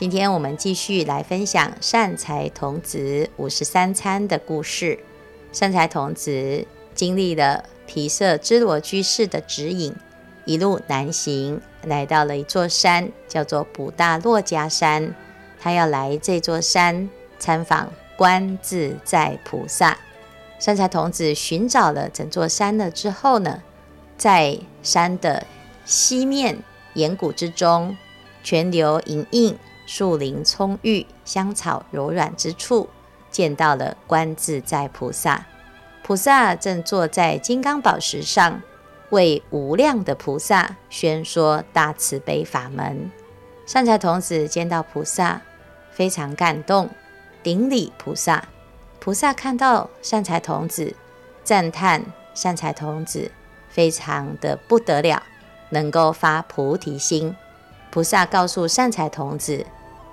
今天我們繼續來分享善財童子五十三參的故事。善財童子經歷了鞞瑟胝羅居士的指引，一路南行，來到了一座山，叫做補怛洛迦山。他要來這座山參訪觀自在菩薩。善財童子尋找了整座山了之後呢，在山的西面岩谷之中，泉流縈映，樹林蔥鬱、香草柔軟之處，見到了觀自在菩薩。菩薩正坐在金剛寶石上，為無量的菩薩宣說大慈悲法門。善財童子見到菩薩，非常感動，頂禮菩薩。菩薩看到善財童子，讚歎善財童子非常的不得了，能夠發菩提心。菩薩告訴善財童子。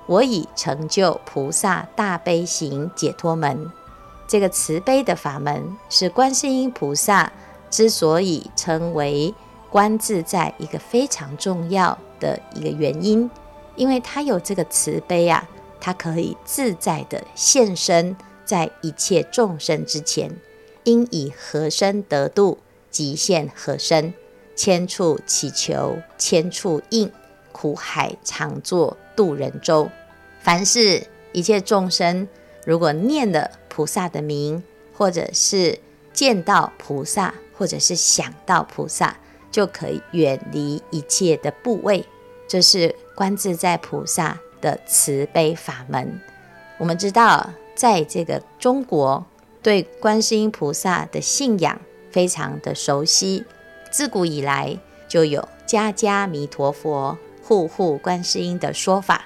我已成就菩薩大悲行解脫門。這個慈悲的法門是觀世音菩薩之所以稱為觀自在一個非常重要的一個原因，因為他有這個慈悲啊，他可以自在的現身在一切眾生之前，應以何身得度，即現何身，千處祈求千處應。苦海常作渡人舟，凡是一切眾生，如果念了菩薩的名，或者是見到菩薩，或者是想到菩薩，就可以遠離一切的怖畏。這是觀自在菩薩的慈悲法門。我們知道，在這個中國，對觀世音菩薩的信仰非常的熟悉，自古以來就有家家彌陀佛。戶戶觀世音的說法，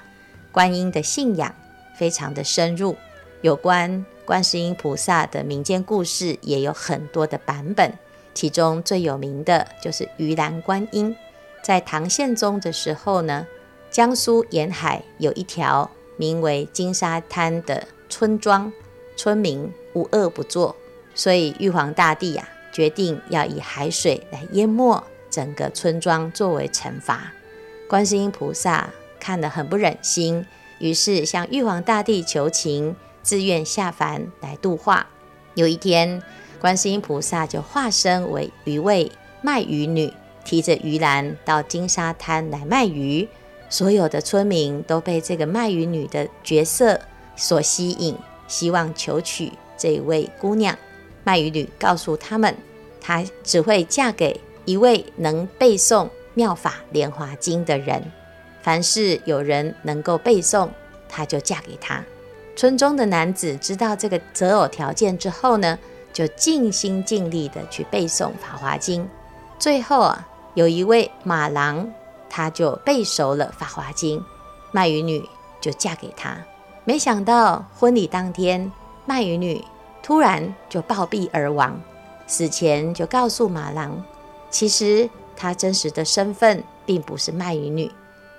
觀音的信仰非常的深入。有關觀世音菩薩的民間故事也有很多的版本，其中最有名的就是魚籃觀音。在唐憲宗的時候呢，江蘇沿海有一條名為金沙灘的村莊，村民無惡不作，所以玉皇大帝啊決定要以海水來淹沒整個村莊作為懲罰。觀世音菩薩看了很不忍心，於是向玉皇大帝求情，自願下凡來度化。有一天，觀世音菩薩就化身為一位賣魚女，提着魚籃到金沙灘來賣魚。所有的村民都被這個賣魚女的角色所吸引，希望求娶這位姑娘。賣魚女告訴他們，她只會嫁給一位能背誦，《妙法蓮華經》的人，凡是有人能夠背誦，他就嫁給他。村中的男子知道這個擇偶條件之後呢，就盡心盡力的去背誦《法華經》。最後啊，有一位馬郎，他就背熟了《法華經》，賣魚女就嫁給他。沒想到婚禮當天，賣魚女突然就暴斃而亡，死前就告訴馬郎，其實他真實的身份並不是賣魚女，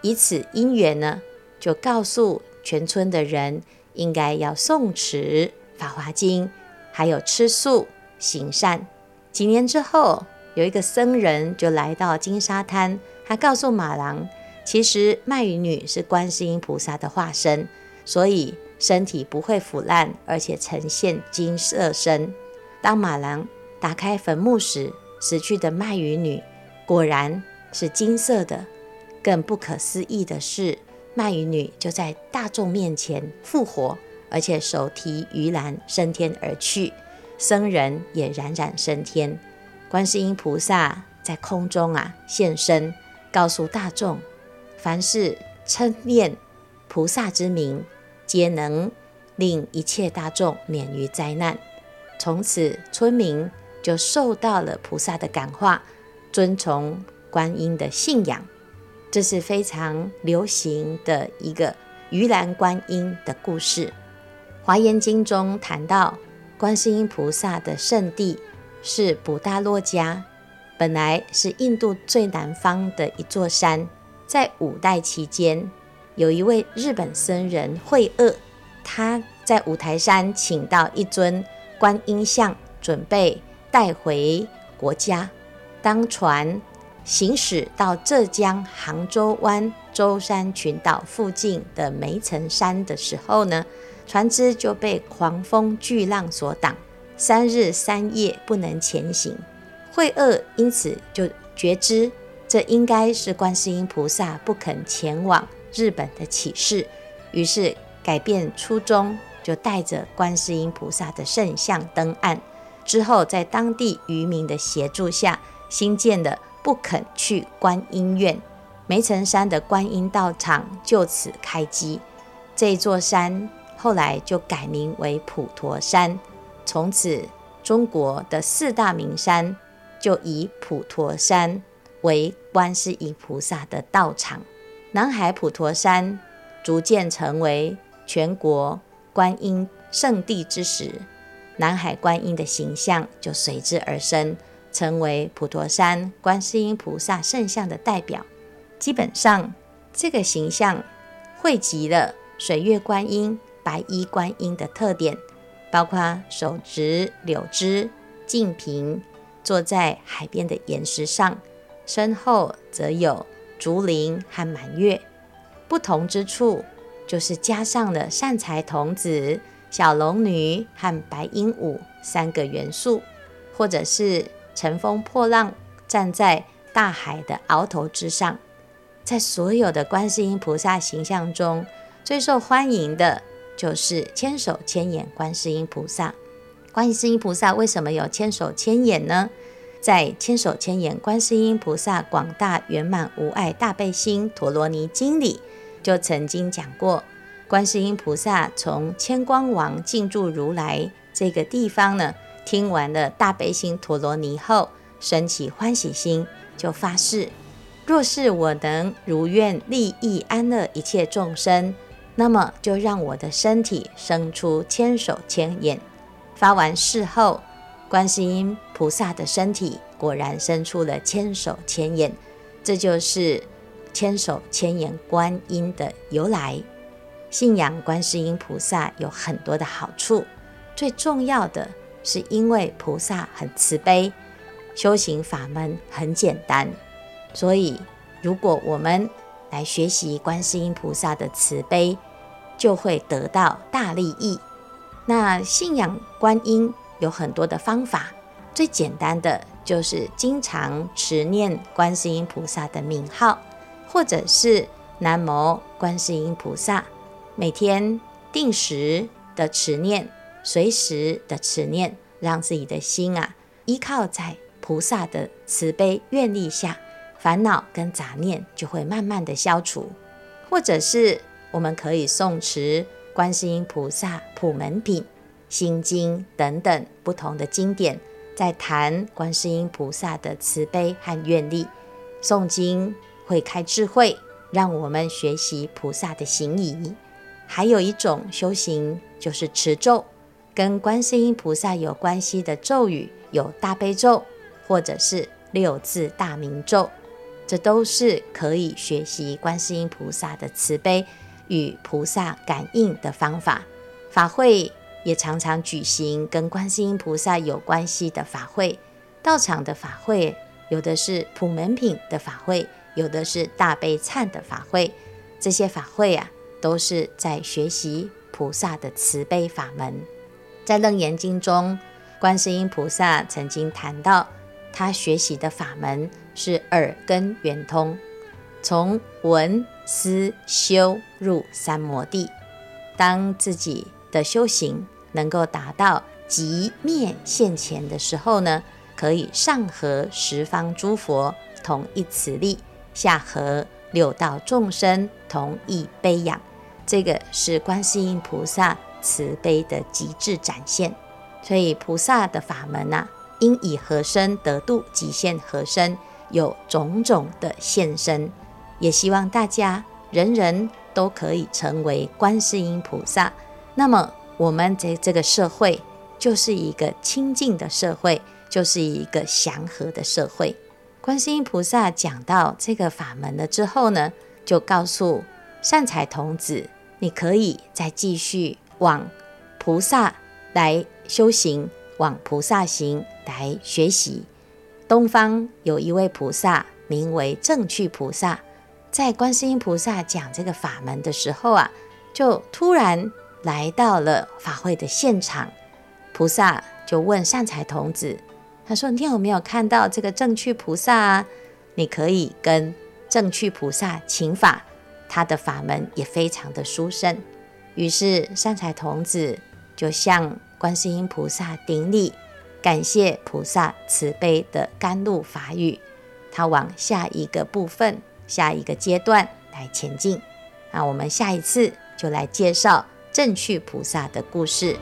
以此因緣呢，就告訴全村的人應該要誦持《法華經》，還有吃素、行善。幾年之後，有一個僧人就來到金沙灘，他告訴馬郎，其實賣魚女是觀世音菩薩的化身，所以身體不會腐爛，而且呈現金色身。當馬郎打開墳墓時，死去的賣魚女。果然是金色的。更不可思議的是，賣魚女就在大眾面前復活，而且手提魚籃升天而去。僧人也冉冉升天，觀世音菩薩在空中啊現身，告訴大眾：凡是稱念菩薩之名，皆能令一切大眾免於災難。從此，村民就受到了菩薩的感化。遵從觀音的信仰，這是非常流行的一個魚籃觀音的故事。華嚴經中談到，觀世音菩薩的聖地是普陀洛迦，本來是印度最南方的一座山。在五代期間，有一位日本僧人惠萼，他在五台山請到一尊觀音像，準備帶回國家。當船行駛到浙江杭州灣舟山群島附近的梅城山的時候呢，船只就被狂風巨浪所擋，三日三夜不能前行。惠鍔因此就覺知，這應該是觀世音菩薩不肯前往日本的啟示，於是改變初衷，就帶着觀世音菩薩的聖像登岸。之後，在當地漁民的協助下，新建的不肯去觀音院，梅城山的觀音道場就此開基。這座山後來就改名為普陀山，從此中國的四大名山就以普陀山為觀世音菩薩的道場。南海普陀山逐漸成為全國觀音聖地之時，南海觀音的形象就隨之而生。成為普陀山觀世音菩薩聖像的代表。基本上，這個形象匯集了水月觀音、白衣觀音的特點，包括手執柳枝、淨瓶，坐在海邊的岩石上，身後則有竹林和滿月。不同之處就是加上了善財童子、小龍女和白鸚鵡三個元素，或者是。乘風破浪，站在大海的鰲頭之上，在所有的觀世音菩薩形象中，最受歡迎的就是千手千眼觀世音菩薩。觀世音菩薩為什麼有千手千眼呢？在《千手千眼觀世音菩薩廣大圓滿無礙大悲心陀羅尼經》裡，就曾經講過，觀世音菩薩從千光王靜住如來這個地方呢。聽完了大悲心陀羅尼後，升起歡喜心，就發誓：若是我能如願利益安樂一切眾生，那麼就讓我的身體生出千手千眼。發完誓後，觀世音菩薩的身體果然生出了千手千眼。這就是千手千眼觀音的由來。信仰觀世音菩薩有很多的好處，最重要的。是因為菩薩很慈悲，修行法門很簡單，所以如果我們來學習觀世音菩薩的慈悲，就會得到大利益。那信仰觀音有很多的方法，最簡單的就是經常持念觀世音菩薩的名號，或者是南無觀世音菩薩，每天定時的持念。隨時的持念，讓自己的心啊，依靠在菩薩的慈悲願力下，煩惱跟雜念就會慢慢的消除。或者是我們可以誦持《觀世音菩薩普門品》《心經》等等不同的經典，在談觀世音菩薩的慈悲和願力。誦經會開智慧，讓我們學習菩薩的行儀。還有一種修行就是持咒。跟觀世音菩薩有關係的咒語有大悲咒，或者是六字大明咒，這都是可以學習觀世音菩薩的慈悲與菩薩感應的方法。法會也常常舉行跟觀世音菩薩有關係的法會，道場的法會有的是普門品的法會，有的是大悲懺的法會，這些法會啊，都是在學習菩薩的慈悲法門。在《楞嚴經》中，觀世音菩薩曾經談到，他學習的法門是耳根圓通，從聞思修入三摩地。當自己的修行能夠達到寂滅現前的時候呢，可以上合十方諸佛同一慈力，下合六道眾生同一悲仰，這個是觀世音菩薩。慈悲的極致展現，所以菩薩的法門呢、啊，應以何身得度，即現何身，有種種的現身。也希望大家人人都可以成為觀世音菩薩。那麼我們在這個社會，就是一個清淨的社會，就是一個祥和的社會。觀世音菩薩講到這個法門了之後呢，就告訴善財童子，你可以再繼續。往菩薩來修行，往菩薩行來學習。東方有一位菩薩，名為正趣菩薩。在觀世音菩薩講這個法門的時候啊，就突然來到了法會的現場。菩薩就問善財童子，他說：「你有沒有看到這個正趣菩薩啊？你可以跟正趣菩薩請法。」他的法門也非常的殊勝。於是，善財童子就向觀世音菩薩頂禮，感謝菩薩慈悲的甘露法語。他往下一個部分，下一個階段來前進。那我們下一次就來介紹正趣菩薩的故事。